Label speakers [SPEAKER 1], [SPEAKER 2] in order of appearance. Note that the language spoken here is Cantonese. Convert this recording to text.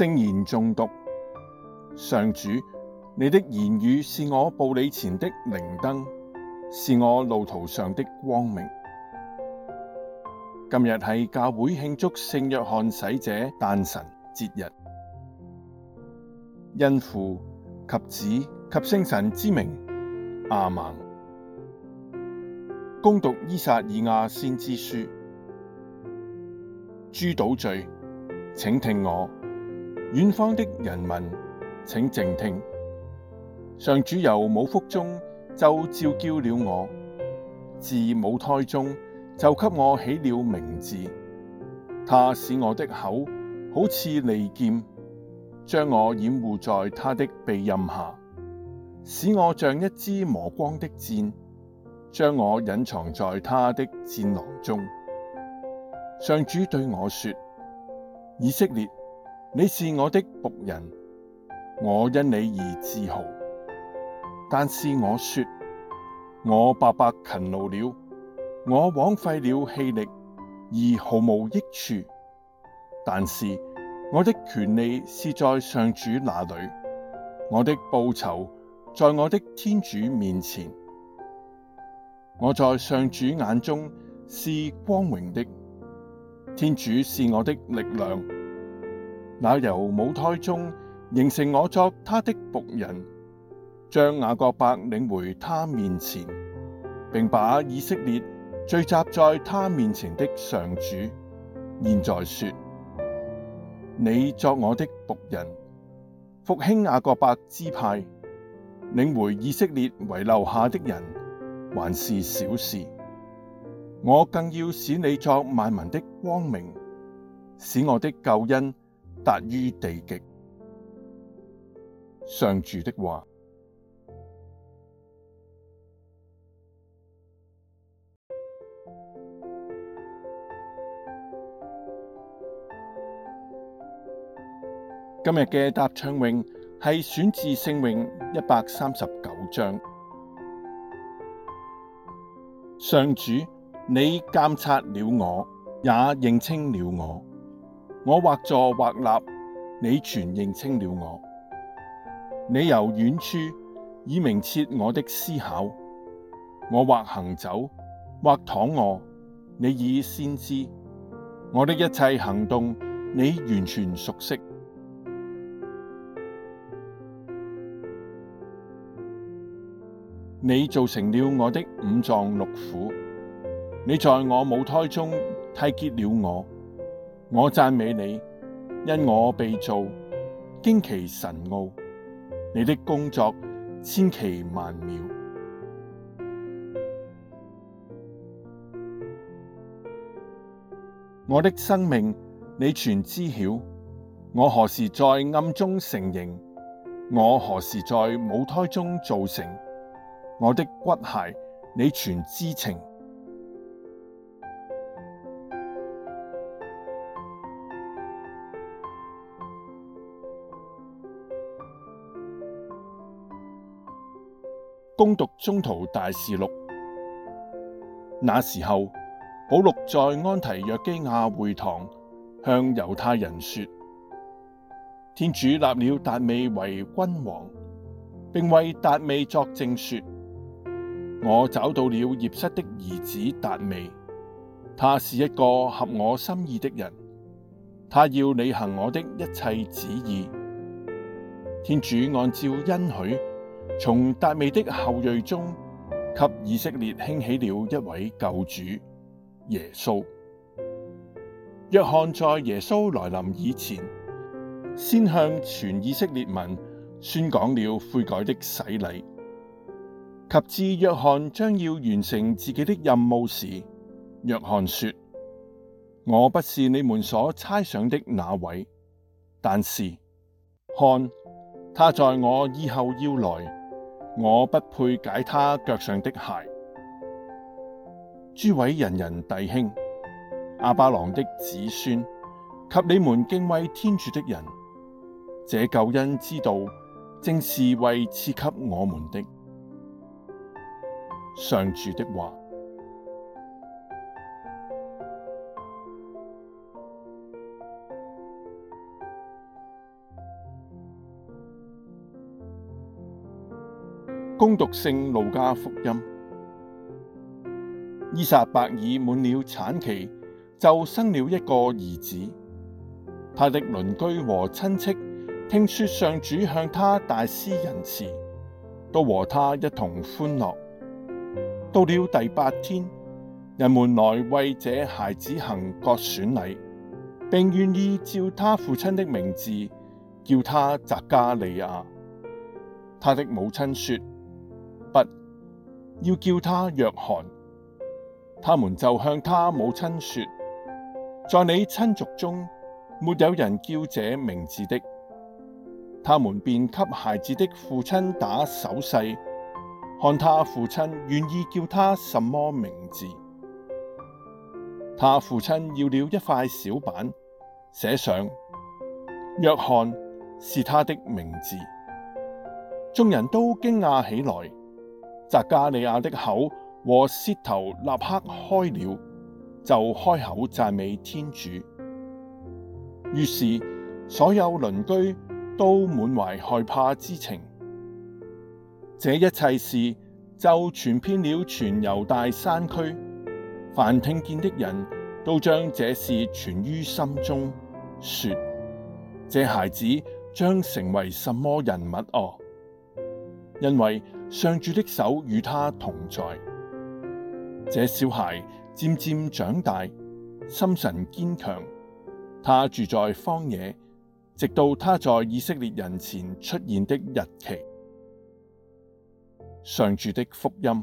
[SPEAKER 1] 聖言誦讀，上主，你的言語是我步履前的靈燈，是我路途上的光明。今日係教會慶祝聖若翰洗者誕辰節日，因父及子及聖神之名，阿門。恭讀《依撒意亞先知書》，諸島嶼，請聽我。遠方的人民，請靜聽。上主由母腹中就召叫了我，自母胎中就給我起了名字。他使我的口好似利劍，將我掩護在他的庇蔭下，使我像一支磨光的箭，將我隱藏在他的箭囊中。上主對我說：“以色列。”你是我的僕人，我因你而自豪。但是我說，我白白勤勞了，我枉費了氣力，而毫無益處。但是我的權利是在上主那裏，我的報酬在我的天主面前。我在上主眼中是光榮的，天主是我的力量。那由母胎中形成我作他的僕人，將雅各伯領回他面前，並把以色列聚集在他面前的上主，現在說：你作我的僕人，復興雅各伯支派，領回以色列遺留下的人，還是小事。我更要使你作萬民的光明，使我的救恩。達於地極，上主的話。今日嘅答唱詠係選自聖詠一百三十九章。上主，你鑒察了我，也認清了我。我或坐或立，你全認清了我；你由遠處已明徹我的思考。我或行走，或躺臥，你已先知我的一切行動，你完全熟悉。你造成了我的五臟六腑，你在我母胎中締結了我。我讚美你，因我被造，驚奇神奧。你的工作千奇萬妙。我的生命你全知曉，我何時在暗中成形，我何時在母胎中造成，我的骨骸你全知情。恭讀《宗徒大事錄》。那時候，保祿在安提約基雅會堂向猶太人說：天主立了達味為君王，並為達味作證說：我找到了葉瑟的兒子達味，他是一個合我心意的人，他要履行我的一切旨意。天主按照恩許。從達味的後裔中，給以色列興起了一位救主耶穌。若翰在耶穌來臨以前，先向全以色列民宣講了悔改的洗禮。及至若翰將要完成自己的任務時，若翰說：我不是你們所猜想的那位，但是看，他在我以後要來。我不配解他腳上的鞋。諸位仁人弟兄、亞巴郎的子孫，及你們敬畏天主的人！這救恩之道，正是為賜給我們的。上主的話。恭讀聖路加福音，依撒伯爾滿了產期，就生了一個兒子。他的鄰居和親戚聽說上主向他大施仁慈，都和他一同歡樂。到了第八天，人們來為這孩子行割損禮，並願意照他父親的名字叫他匝加利亞。他的母親說。要叫他若翰，他們就向他母親說：在你親族中，沒有人叫這名字的。他們便給孩子的父親打手勢，看他父親願意叫他什麼名字。他父親要了一塊小板，寫上，若翰是他的名字。眾人都驚訝起來。匝加利亞的口和舌頭立刻開了，就開口讚美天主。於是所有鄰居都滿懷害怕之情。這一切事就傳遍了全猶大山區，凡聽見的人都將這事存於心中，說：這孩子將成為什麼人物哦、啊？因為上主的手與他同在，這小孩漸漸長大，心神堅強。他住在荒野，直到他在以色列人前出現的日期。—上主的福音。